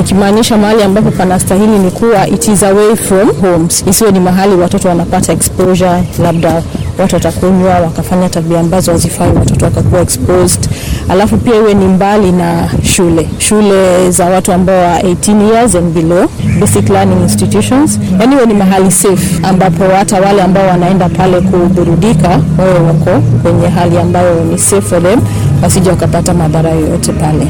nikimaanisha mahali ambapo panastahili ni kuwa it is away from homes, isiwe ni mahali watoto wanapata exposure, labda watu watakunywa wakafanya tabia ambazo hazifai, watoto wakakuwa exposed. Alafu pia iwe ni mbali na shule, shule za watu ambao wa 18 years and below, basic learning institutions, yani iwe ni mahali safe ambapo hata wale ambao wanaenda pale kuburudika wao wako kwenye hali ambayo ni safe for them, wasije wakapata madhara yoyote pale.